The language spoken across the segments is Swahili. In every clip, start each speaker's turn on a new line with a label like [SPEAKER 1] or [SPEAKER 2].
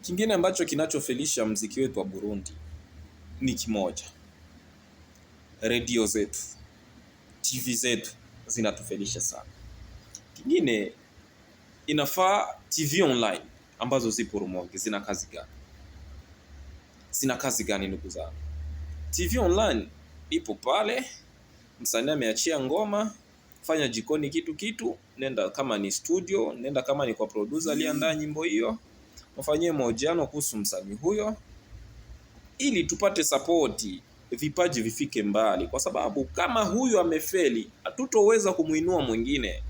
[SPEAKER 1] Kingine ambacho kinachofelisha mziki wetu wa Burundi ni kimoja, redio zetu, TV zetu zinatufelisha sana. Kingine inafaa TV online ambazo zipo Rumonge zina kazi gani? Zina kazi gani ndugu zangu? TV online ipo pale, msanii ameachia ngoma, fanya jikoni kitu kitu, nenda kama ni studio, nenda kama ni kwa producer aliandaa nyimbo hiyo wafanyie mahojiano kuhusu msanii huyo ili tupate sapoti, vipaji vifike mbali, kwa sababu kama huyu amefeli, hatutoweza kumwinua mwingine.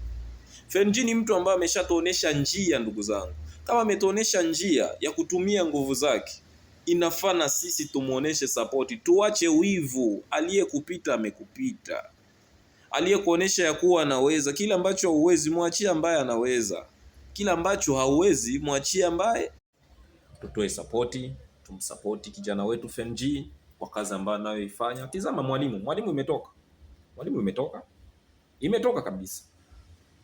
[SPEAKER 1] Fenji ni mtu ambaye ameshatuonesha njia, ndugu zangu. Kama ametuonesha njia ya kutumia nguvu zake, inafaa na sisi tumuoneshe sapoti, tuache wivu. Aliyekupita amekupita, aliyekuonesha ya kuwa anaweza kile ambacho huwezi, mwachie ambaye anaweza kila ambacho hauwezi mwachie ambaye. Tutoe sapoti, tumsapoti kijana wetu FMG kwa kazi ambayo anayoifanya. Tizama mwalimu, mwalimu imetoka, mwalimu imetoka, imetoka kabisa.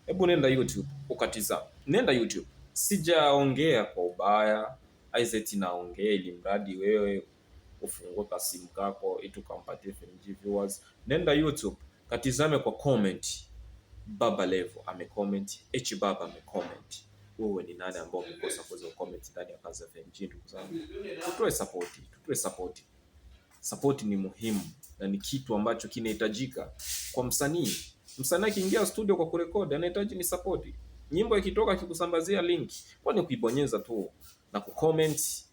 [SPEAKER 1] Hebu nenda YouTube ukatizama, nenda YouTube. Sijaongea kwa ubaya, aizeti naongea ili mradi wewe ufungue kasimu kako, itukampatie FMG viewers. Nenda YouTube katizame kwa comment. Baba Levo amecomment, H Baba amecomment. Wewe ni nani ambao umekosa kuweza kucomment ndani ya Mbaz FM? Ndugu zangu, tutoe support, tutoe support. Support ni muhimu na ni kitu ambacho kinahitajika kwa msanii. Msanii akiingia studio kwa kurekodi anahitaji ni support. Nyimbo ikitoka akikusambazia link, kwani kuibonyeza tu na kucomment,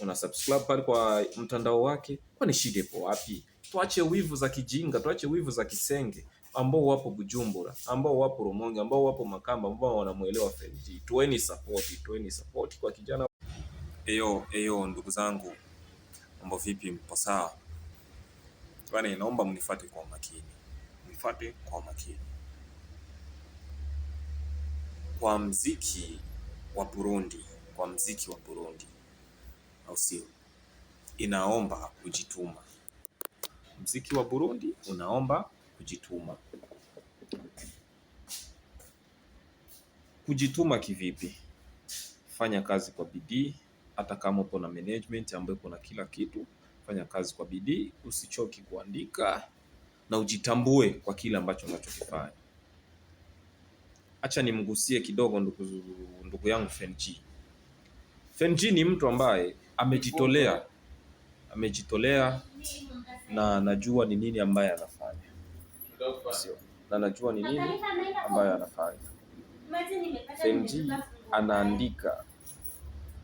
[SPEAKER 1] una subscribe pale kwa mtandao wake, kwani shida ipo wapi? tuache wivu za kijinga, tuache wivu za kisenge ambao wapo Bujumbura, ambao wapo Rumonge, ambao wapo Makamba, ambao wanamuelewa Felji. Tueni support, tueni support kwa kijana. Eyo, eyo ndugu zangu, mambo vipi? Mpo sawa? Bwana, yaani, naomba mnifuate kwa makini, mnifuate kwa makini. Kwa mziki wa Burundi, kwa mziki wa Burundi, au sio? Inaomba kujituma. Mziki wa Burundi unaomba kujituma. Kujituma kivipi? Fanya kazi kwa bidii, hata kama upo na management ambayo iko na kila kitu, fanya kazi kwa bidii, usichoki kuandika na ujitambue kwa kile ambacho unachokifanya. Acha nimgusie kidogo ndugu, ndugu yangu Fenji. Fenji ni mtu ambaye amejitolea amejitolea na najua ni nini ambaye anafanya sio, na najua ni nini ambayo anafanya. FMG anaandika